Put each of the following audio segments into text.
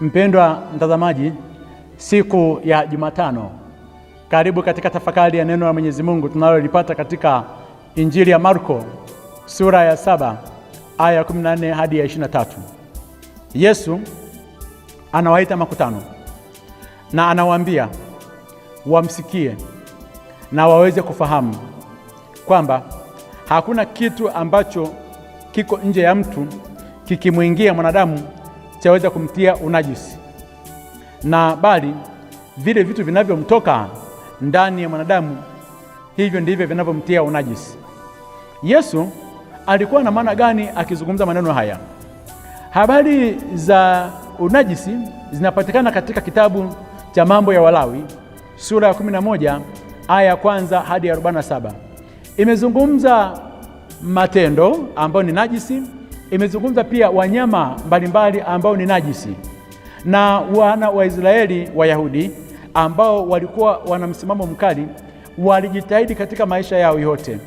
Mpendwa mtazamaji, siku ya Jumatano, karibu katika tafakari ya neno la Mwenyezi Mungu tunalolipata katika Injili ya Marko sura ya saba aya ya 14 hadi ya 23. Yesu anawaita makutano na anawaambia wamsikie na waweze kufahamu kwamba hakuna kitu ambacho kiko nje ya mtu kikimwingia mwanadamu chaweza kumtia unajisi, na bali vile vitu vinavyomtoka ndani ya mwanadamu hivyo ndivyo vinavyomtia unajisi. Yesu alikuwa na maana gani akizungumza maneno haya? Habari za unajisi zinapatikana katika kitabu cha Mambo ya Walawi sura ya 11 aya ya kwanza hadi ya 47. Imezungumza matendo ambayo ni najisi imezungumza pia wanyama mbalimbali ambao ni najisi na wana wa Israeli Wayahudi ambao walikuwa wana msimamo mkali, walijitahidi katika maisha yao yote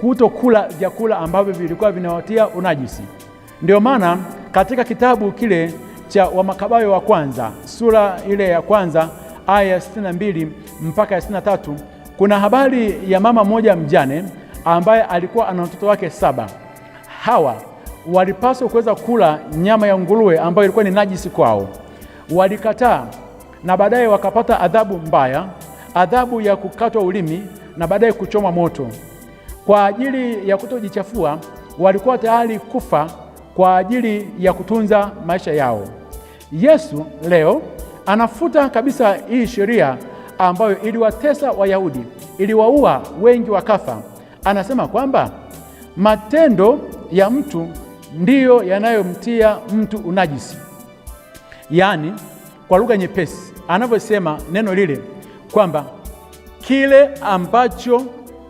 kutokula vyakula ambavyo vilikuwa vinawatia unajisi. Ndio maana katika kitabu kile cha Wamakabayo wa kwanza sura ile ya kwanza aya ya sitini na mbili mpaka ya sitini na tatu kuna habari ya mama mmoja mjane ambaye alikuwa ana watoto wake saba. Hawa walipaswa kuweza kula nyama ya nguruwe ambayo ilikuwa ni najisi kwao. Walikataa na baadaye wakapata adhabu mbaya, adhabu ya kukatwa ulimi na baadaye kuchomwa moto. Kwa ajili ya kutojichafua, walikuwa tayari kufa kwa ajili ya kutunza maisha yao. Yesu leo anafuta kabisa hii sheria ambayo iliwatesa Wayahudi, iliwaua wengi wakafa. Anasema kwamba matendo ya mtu ndiyo yanayomtia mtu unajisi, yaani kwa lugha nyepesi anavyosema neno lile kwamba kile ambacho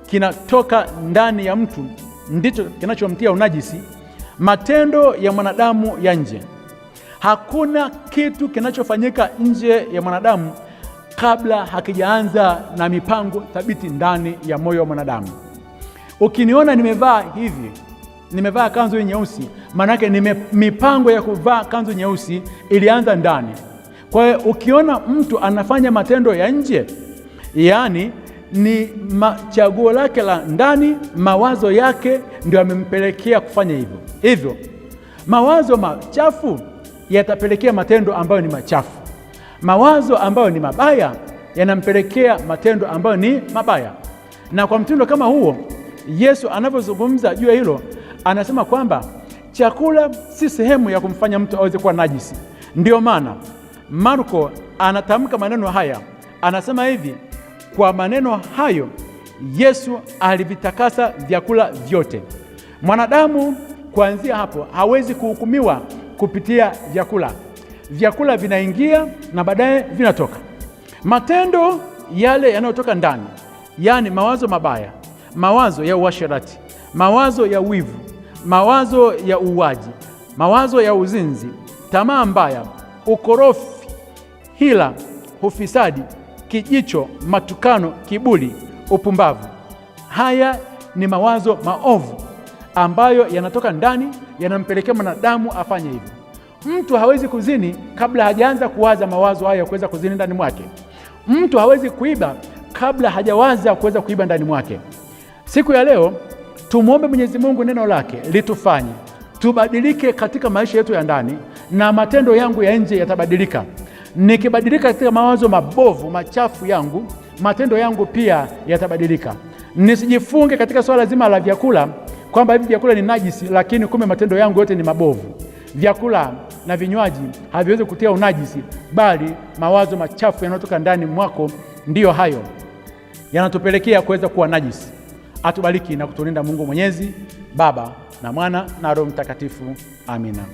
kinatoka ndani ya mtu ndicho kinachomtia unajisi matendo ya mwanadamu ya nje. Hakuna kitu kinachofanyika nje ya mwanadamu kabla hakijaanza na mipango thabiti ndani ya moyo wa mwanadamu. Ukiniona nimevaa hivi nimevaa kanzu nyeusi, maanake nime mipango ya kuvaa kanzu nyeusi ilianza ndani. Kwa hiyo ukiona mtu anafanya matendo ya nje, yaani ni chaguo lake la ndani, mawazo yake ndio yamempelekea kufanya hivyo. Hivyo mawazo machafu yatapelekea matendo ambayo ni machafu, mawazo ambayo ni mabaya yanampelekea matendo ambayo ni mabaya. Na kwa mtindo kama huo Yesu anavyozungumza juu ya hilo anasema kwamba chakula si sehemu ya kumfanya mtu aweze kuwa najisi. Ndiyo maana Marko anatamka maneno haya, anasema hivi, kwa maneno hayo Yesu alivitakasa vyakula vyote. Mwanadamu kuanzia hapo hawezi kuhukumiwa kupitia vyakula. Vyakula vinaingia na baadaye vinatoka. Matendo yale yanayotoka ndani, yaani mawazo mabaya, mawazo ya uasherati, mawazo ya wivu mawazo ya uuaji, mawazo ya uzinzi, tamaa mbaya, ukorofi, hila, ufisadi, kijicho, matukano, kiburi, upumbavu. Haya ni mawazo maovu ambayo yanatoka ndani, yanampelekea mwanadamu afanye hivyo. Mtu hawezi kuzini kabla hajaanza kuwaza mawazo hayo ya kuweza kuzini ndani mwake. Mtu hawezi kuiba kabla hajawaza kuweza kuiba ndani mwake. Siku ya leo Tumwombe Mwenyezi Mungu neno lake litufanye tubadilike katika maisha yetu ya ndani, na matendo yangu ya nje yatabadilika. Nikibadilika katika mawazo mabovu machafu yangu, matendo yangu pia yatabadilika. Nisijifunge katika swala zima la vyakula, kwamba hivi vyakula ni najisi, lakini kumbe matendo yangu yote ni mabovu. Vyakula na vinywaji haviwezi kutia unajisi, bali mawazo machafu yanayotoka ndani mwako ndiyo hayo yanatupelekea kuweza kuwa najisi. Atubariki na kutulinda Mungu Mwenyezi, Baba na Mwana na Roho Mtakatifu. Amina.